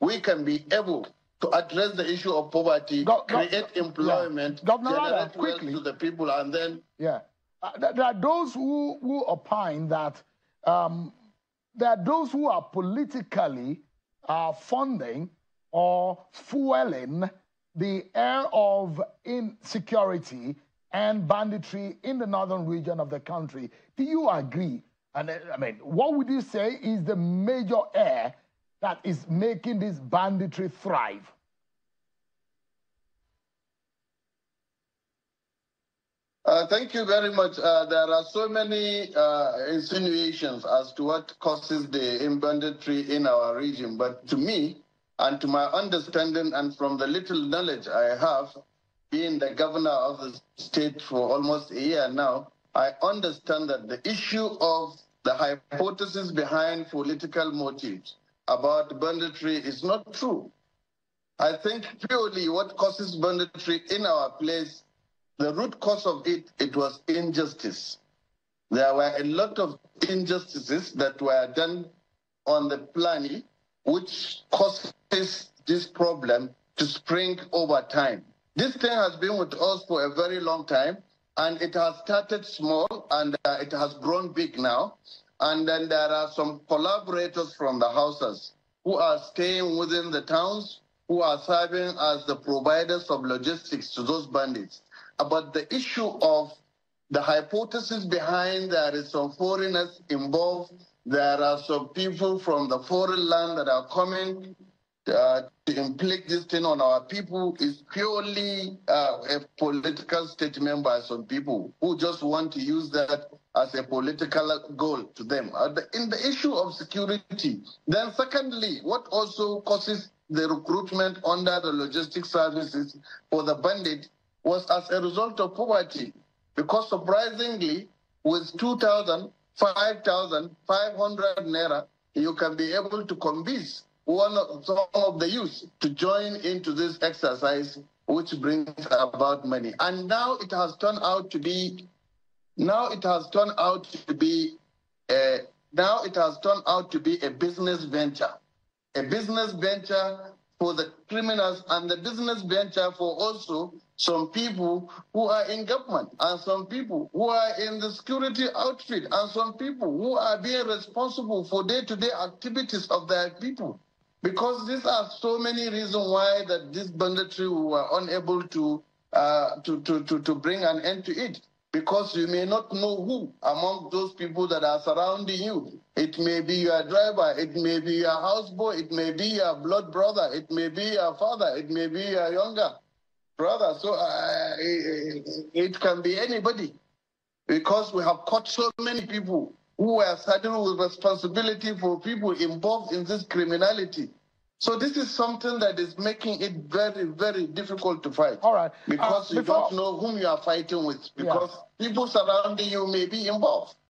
we can be able to address the issue of poverty, go, go, create employment, yeah. Governor generate Rada, quickly. to the people, and then yeah, uh, there are those who who opine that um, there are those who are politically uh, funding or fueling the air of insecurity and banditry in the northern region of the country. Do you agree? And uh, I mean, what would you say is the major air that is making this banditry thrive. Uh, thank you very much. Uh, there are so many uh, insinuations as to what causes the banditry in our region, but to me, and to my understanding, and from the little knowledge I have, being the governor of the state for almost a year now, I understand that the issue of the hypothesis behind political motives about banditry is not true. I think purely what causes banditry in our place, the root cause of it, it was injustice. There were a lot of injustices that were done on the planet, which causes this problem to spring over time. This thing has been with us for a very long time, and it has started small and uh, it has grown big now. And then there are some collaborators from the houses who are staying within the towns, who are serving as the providers of logistics to those bandits. About the issue of the hypothesis behind there is some foreigners involved. There are some people from the foreign land that are coming uh, to inflict this thing on our people is purely uh, a political statement by some people who just want to use that as a political goal to them. Uh, the, in the issue of security, then secondly, what also causes the recruitment under the logistic services for the bandit was as a result of poverty. Because surprisingly, with 2,000, 5,500 naira, you can be able to convince one of, some of the youth to join into this exercise, which brings about money. And now it has turned out to be, now it has turned out to be, a, uh, now it has turned out to be a business venture, a business venture for the criminals and the business venture for also some people who are in government and some people who are in the security outfit and some people who are being responsible for day-to-day -day activities of their people. Because these are so many reasons why that this banditry were unable to, uh, to, to, to, to bring an end to it. Because you may not know who among those people that are surrounding you. It may be your driver, it may be your houseboy, it may be your blood brother, it may be your father, it may be your younger brother. So uh, it, it can be anybody because we have caught so many people who are saddled with responsibility for people involved in this criminality. So this is something that is making it very, very difficult to fight. All right. Because uh, before... you don't know whom you are fighting with, because yeah. people surrounding you may be involved.